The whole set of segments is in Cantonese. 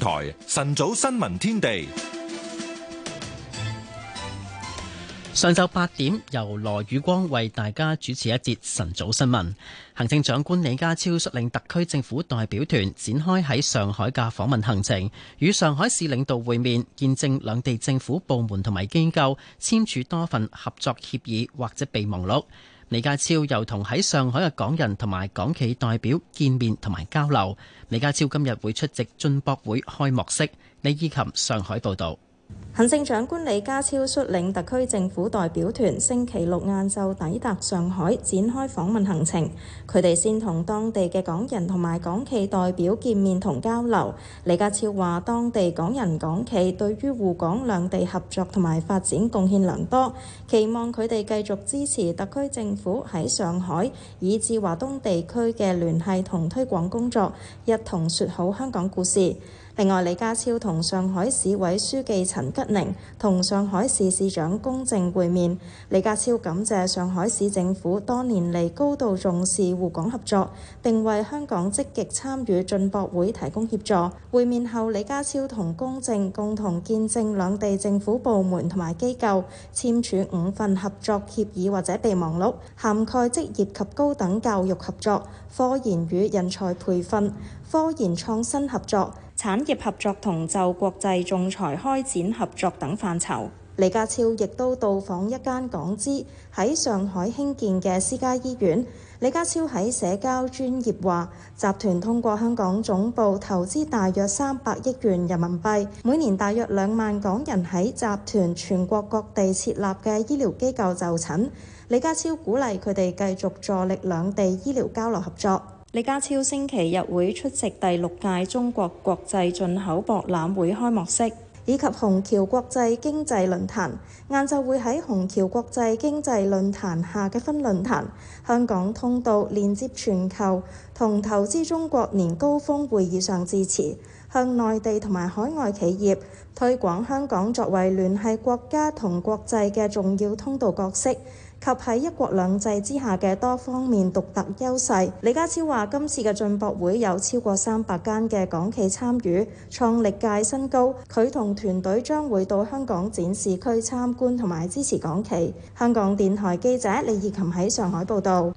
台晨早新聞天地，上晝八點，由羅宇光為大家主持一節晨早新聞。行政長官李家超率領特區政府代表團展開喺上海嘅訪問行程，與上海市領導會面，見證兩地政府部門同埋機構簽署多份合作協議或者備忘錄。李家超又同喺上海嘅港人同埋港企代表見面同埋交流。李家超今日會出席進博會開幕式。李以琴上海報道，道。行政長官李家超率領特區政府代表團星期六晏晝抵達上海，展開訪問行程。佢哋先同當地嘅港人同埋港企代表見面同交流。李家超話：當地港人港企對於滬港兩地合作同埋發展貢獻良多，期望佢哋繼續支持特區政府喺上海以至華東地區嘅聯繫同推廣工作，一同説好香港故事。另外，李家超同上海市委書記陳吉寧同上海市市長龔正會面。李家超感謝上海市政府多年嚟高度重視滬港合作，並為香港積極參與進博會提供協助。會面後，李家超同龔正共同見證兩地政府部門同埋機構簽署五份合作協議或者備忘錄，涵蓋職業及高等教育合作、科研與人才培訓、科研創新合作。產業合作同就國際仲裁開展合作等範疇，李家超亦都到訪一間港資喺上海興建嘅私家醫院。李家超喺社交專業話，集團通過香港總部投資大約三百億元人民幣，每年大約兩萬港人喺集團全國各地設立嘅醫療機構就診。李家超鼓勵佢哋繼續助力兩地醫療交流合作。李家超星期日會出席第六屆中國國際進口博覽會開幕式，以及虹橋國際經濟論壇。晏晝會喺虹橋國際經濟論壇下嘅分論壇《香港通道連接全球同投資中國年高峰會議上致辭，向內地同埋海外企業推廣香港作為聯繫國家同國際嘅重要通道角色。及喺一國兩制之下嘅多方面獨特優勢。李家超話今次嘅進博會有超過三百間嘅港企參與，創歷屆新高。佢同團隊將會到香港展示區參觀同埋支持港企。香港電台記者李以琴喺上海報道。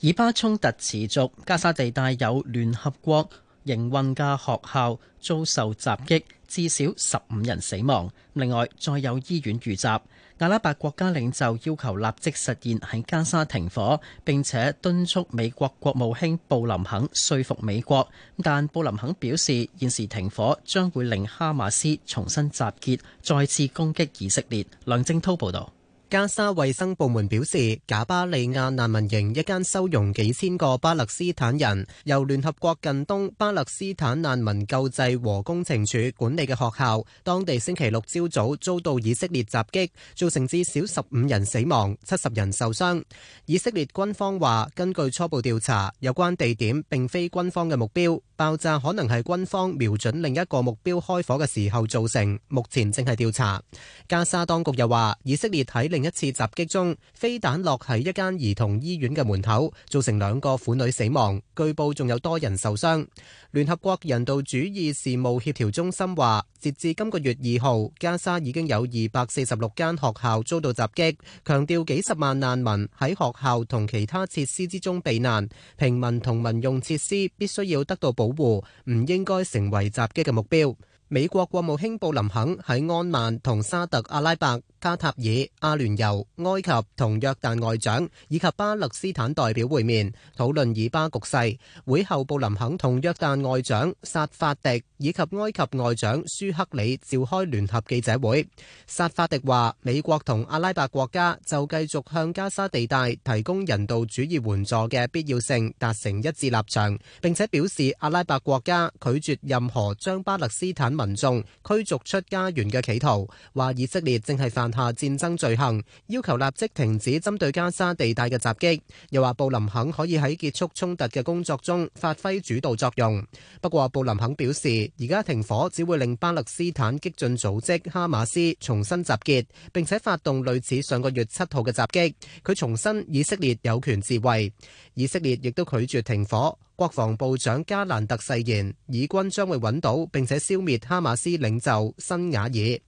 以巴衝突持續，加沙地帶有聯合國營運嘅學校遭受襲擊，至少十五人死亡。另外，再有醫院遇襲。阿拉伯國家領袖要求立即實現喺加沙停火，並且敦促美國國務卿布林肯說服美國。但布林肯表示，現時停火將會令哈馬斯重新集結，再次攻擊以色列。梁正滔報導。加沙衛生部門表示，賈巴利亞難民營一間收容幾千個巴勒斯坦人由聯合國近東巴勒斯坦難民救濟和工程處管理嘅學校，當地星期六朝早遭到以色列襲擊，造成至少十五人死亡，七十人受傷。以色列軍方話，根據初步調查，有關地點並非軍方嘅目標。爆炸可能係軍方瞄準另一個目標開火嘅時候造成，目前正係調查。加沙當局又話，以色列喺另一次襲擊中，飛彈落喺一間兒童醫院嘅門口，造成兩個婦女死亡，據報仲有多人受傷。聯合國人道主義事務協調中心話，截至今個月二號，加沙已經有二百四十六間學校遭到襲擊，強調幾十萬難民喺學校同其他設施之中避難，平民同民用設施必須要得到保保護唔應該成為襲擊嘅目標。美國國務卿布林肯喺安曼同沙特阿拉伯、卡塔爾、阿聯酋、埃及同約旦外長以及巴勒斯坦代表會面，討論以巴局勢。會後，布林肯同約旦外長薩法迪以及埃及外長舒克里召開聯合記者會。薩法迪話：美國同阿拉伯國家就繼續向加沙地帶提供人道主義援助嘅必要性達成一致立場，並且表示阿拉伯國家拒絕任何將巴勒斯坦民眾驅逐出家園嘅企圖，話以色列正係犯下戰爭罪行，要求立即停止針對加沙地帶嘅襲擊。又話布林肯可以喺結束衝突嘅工作中發揮主導作用。不過布林肯表示，而家停火只會令巴勒斯坦激進組織哈馬斯重新集結，並且發動類似上個月七號嘅襲擊。佢重申以色列有權自衛。以色列亦都拒絕停火。國防部長加蘭特誓言，以軍將會揾到並且消滅哈馬斯領袖辛瓦爾。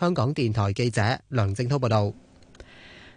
香港電台記者梁正濤報道。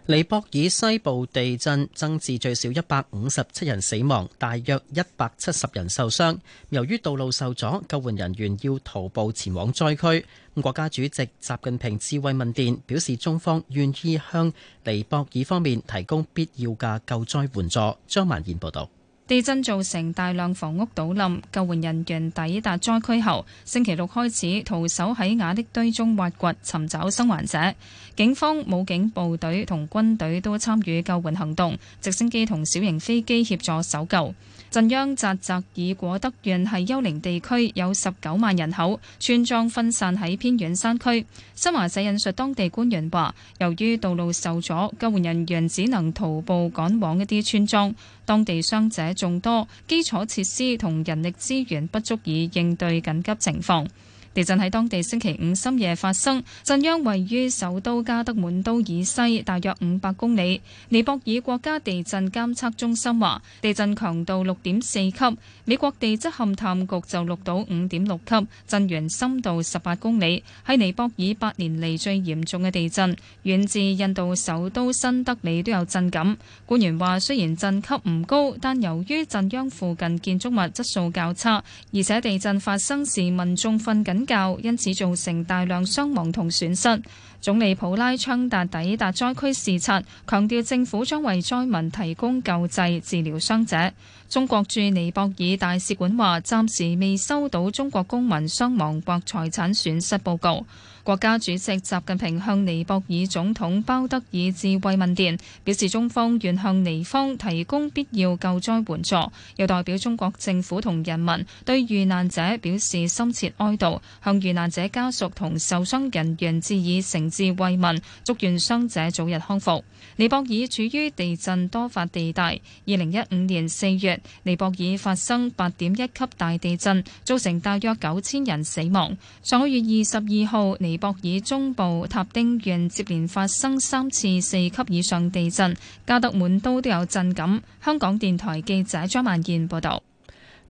尼泊爾西部地震增至最少一百五十七人死亡，大約一百七十人受傷。由於道路受阻，救援人員要徒步前往災區。國家主席習近平致慰問電，表示中方願意向尼泊爾方面提供必要嘅救災援助。張曼燕報道。地震造成大量房屋倒冧，救援人員抵達災區後，星期六開始徒手喺瓦礫堆中挖掘，尋找生還者。警方、武警部隊同軍隊都參與救援行動，直升機同小型飛機協助搜救。震央扎扎爾果德縣係幽靈地區，有十九萬人口，村莊分散喺偏遠山區。新華社引述當地官員話，由於道路受阻，救援人員只能徒步趕往一啲村莊。當地傷者眾多，基礎設施同人力資源不足以應對緊急情況。地震喺當地星期五深夜發生，震央位於首都加德滿都以西大約五百公里。尼泊爾國家地震監測中心話，地震強度六點四級，美國地質勘探局就錄到五點六級，震源深度十八公里，係尼泊爾八年嚟最嚴重嘅地震，遠至印度首都新德里都有震感。官員話，雖然震級唔高，但由於震央附近建築物質素較差，而且地震發生時民眾瞓緊。因此造成大量傷亡同損失。總理普拉昌達抵達災區視察，強調政府將為災民提供救濟、治療傷者。中國駐尼泊爾大使館話，暫時未收到中國公民傷亡或財產損失報告。國家主席習近平向尼泊爾總統鮑德爾致慰問電，表示中方願向尼方提供必要救災援助，又代表中國政府同人民對遇難者表示深切哀悼，向遇難者家屬同受傷人員致以誠。致慰問，祝願傷者早日康復。尼泊爾處於地震多發地帶。二零一五年四月，尼泊爾發生八點一級大地震，造成大約九千人死亡。上個月二十二號，尼泊爾中部塔丁縣接連發生三次四級以上地震，加德滿都都有震感。香港電台記者張萬燕報道。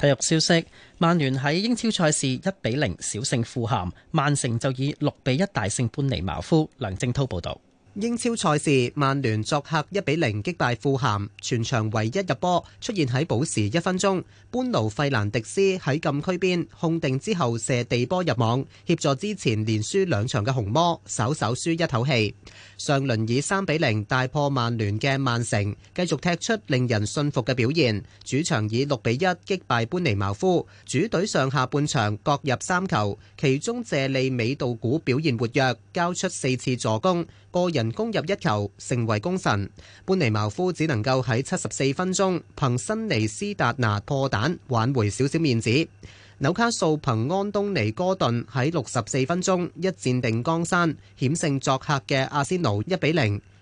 體育消息：曼聯喺英超賽事一比零小勝富咸，曼城就以六比一大勝般尼茅夫。梁正濤報道。英超賽事，曼聯作客一比零擊敗富咸，全場唯一入波出現喺補時一分鐘，班奴費蘭迪斯喺禁區邊控定之後射地波入網，協助之前連輸兩場嘅紅魔稍稍舒一口氣。上輪以三比零大破曼聯嘅曼城，繼續踢出令人信服嘅表現，主場以六比一擊敗班尼茅夫，主隊上下半場各入三球，其中謝利美道古表現活躍，交出四次助攻。個人攻入一球，成為功臣。班尼茅夫只能夠喺七十四分鐘，憑新尼斯達拿破蛋挽回少少面子。紐卡素憑安東尼哥頓喺六十四分鐘一戰定江山，險勝作客嘅阿仙奴一比零。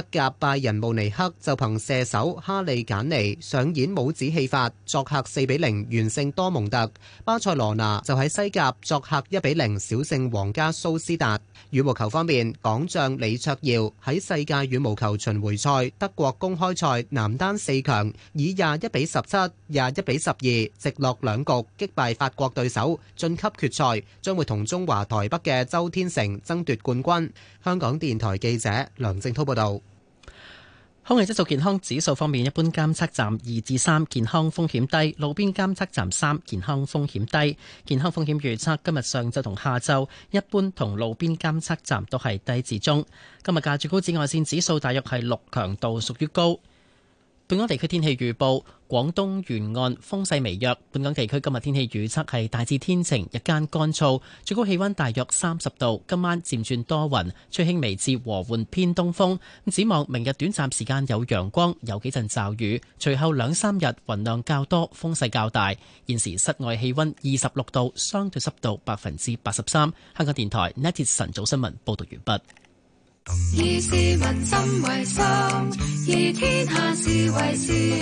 德甲拜仁慕尼黑就憑射手哈利簡尼上演帽子戲法，作客4比0完勝多蒙特。巴塞羅那就喺西甲作客1比0小勝皇家蘇斯達。羽毛球方面，港將李卓耀喺世界羽毛球巡回賽德國公開賽男單四強，以廿一比十七、廿一比十二直落兩局擊敗法國對手晉級決賽，將會同中華台北嘅周天成爭奪冠軍。香港電台記者梁正濤報道。空氣質素健康指數方面，一般監測站二至三，健康風險低；路邊監測站三，健康風險低。健康風險預測今日上晝同下晝，一般同路邊監測站都係低至中。今日嘅最高紫外線指數大約係六強度，屬於高。本港地區天氣預報：廣東沿岸風勢微弱。本港地區，區今日天，天氣預測係大致天晴，日間乾燥，最高氣温大約三十度。今晚漸轉多雲，吹輕微至和緩偏東風。咁展望明日短暫時間有陽光，有幾陣驟雨，隨後兩三日雲量較多，風勢較大。現時室外氣温二十六度，相對濕度百分之八十三。香港電台呢一節晨早新聞報道完畢。以市民心為心，以天下事為事。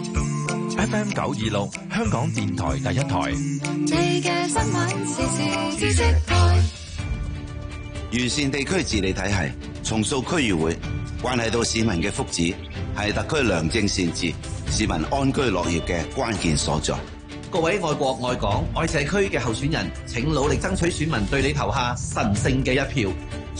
FM 九二六，香港電台第一台。你嘅新聞時事知識台。完 善地區治理體系，重塑區議會，關係到市民嘅福祉，係特區良政善治、市民安居樂業嘅關鍵所在。 各位愛國愛港愛社區嘅候選人，請努力爭取選民對你投下神聖嘅一票。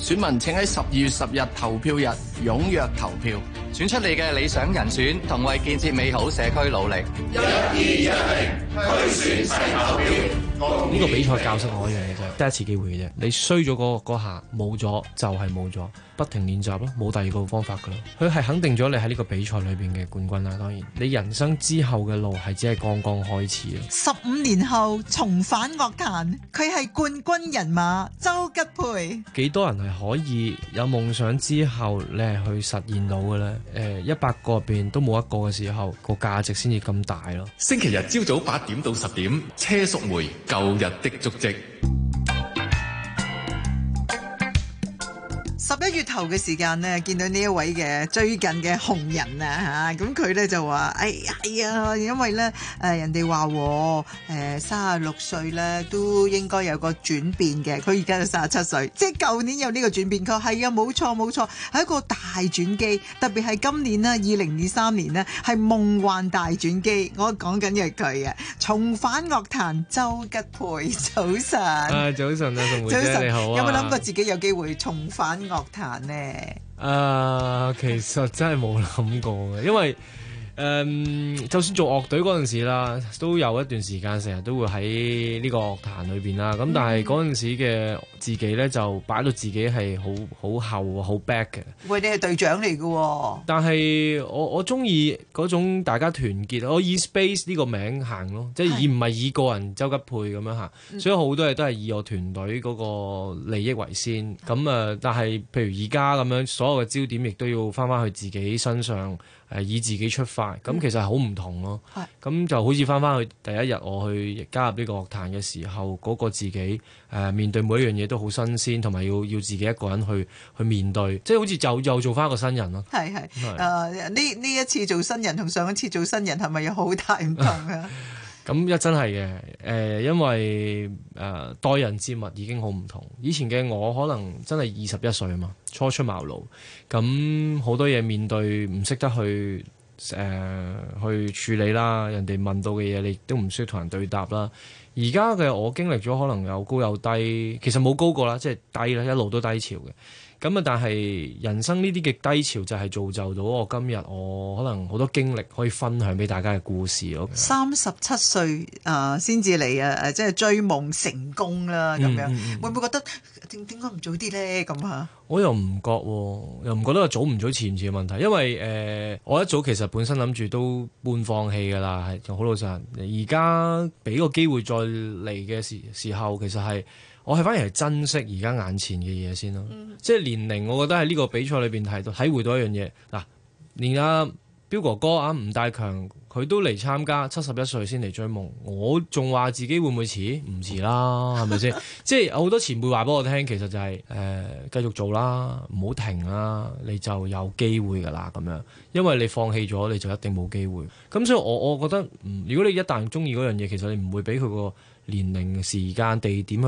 選民請喺十二月十日投票日踴躍投票，選出你嘅理想人選，同為建設美好社區努力。一、二、一、零，去選齊投票。呢個比賽教識我一樣嘢就係，第一次機會嘅啫。你衰咗嗰下冇咗就係冇咗，不停練習咯，冇第二個方法嘅咯。佢係肯定咗你喺呢個比賽裏邊嘅冠軍啦。當然，你人生之後嘅路係只係剛剛開始。十五年後重返樂壇，佢係冠軍人馬周吉培。幾多人係可以有夢想之後，你係去實現到嘅咧？誒，一百個入邊都冇一個嘅時候，個價值先至咁大咯。星期日朝早八點到十點，車淑梅。舊日的足跡。一月頭嘅時間咧，見到呢一位嘅最近嘅紅人啊吓，咁佢咧就話，哎，哎呀，因為咧，誒、呃、人哋話我，誒三啊六歲咧都應該有個轉變嘅。佢而家都三啊七歲，即係舊年有呢個轉變。佢係啊，冇錯冇錯，係一個大轉機。特別係今年啦，二零二三年呢，係夢幻大轉機。我講緊嘅係佢啊，重返樂壇周吉培，早晨。早晨啊，早晨，宋、啊、梅姐你好、啊、有冇諗過自己有機會重返樂？彈咧？誒、啊，其實真係冇諗過嘅，因為，誒，um, 就算做樂隊嗰陣時啦，都有一段時間成日都會喺呢個樂壇裏邊啦。咁但係嗰陣時嘅自己咧，就擺到自己係好好厚、好 back 嘅。喂，你係隊長嚟㗎喎。但係我我中意嗰種大家團結，我以 Space 呢個名行咯，即係以唔係以個人周吉配咁樣行。所以好多嘢都係以我團隊嗰個利益為先。咁啊，但係譬如而家咁樣，所有嘅焦點亦都要翻翻去自己身上。誒，以自己出發，咁其實好唔同咯、啊。係的，咁就好似翻翻去第一日我去加入呢個樂壇嘅時候，嗰、那個自己誒、呃、面對每一樣嘢都好新鮮，同埋要要自己一個人去去面對，即、就、係、是、好似又又做翻一個新人咯、啊。係係的，誒呢呢一次做新人同上一次做新人係咪有好大唔同啊？ 咁一真係嘅，誒、呃，因為誒、呃，待人接物已經好唔同。以前嘅我可能真係二十一歲啊嘛，初出茅廬，咁好多嘢面對唔識得去誒、呃、去處理啦。人哋問到嘅嘢，你都唔需要同人對答啦。而家嘅我經歷咗，可能有高有低，其實冇高過啦，即係低啦，一路都低潮嘅。咁啊！但係人生呢啲嘅低潮就係造就到我今日，我可能好多經歷可以分享俾大家嘅故事咯。三十七歲啊，先至嚟啊！誒，即係追夢成功啦，咁樣、嗯嗯、會唔會覺得點點解唔早啲咧？咁啊？我又唔覺，又唔覺得係早唔早、遲唔遲嘅問題。因為誒、呃，我一早其實本身諗住都半放棄噶啦，係好老實。而家俾個機會再嚟嘅時時候，其實係。我係反而係珍惜而家眼前嘅嘢先咯，嗯、即係年齡，我覺得喺呢個比賽裏邊係體會到一樣嘢嗱，連阿、啊、彪哥哥啊，吳大強佢都嚟參加，七十一歲先嚟追夢，我仲話自己會唔會遲？唔遲啦，係咪先？ 即係好多前輩話俾我聽，其實就係、是、誒、呃、繼續做啦，唔好停啦，你就有機會噶啦咁樣。因為你放棄咗，你就一定冇機會。咁所以我，我我覺得，如果你一旦中意嗰樣嘢，其實你唔會俾佢個年齡、時間、地點。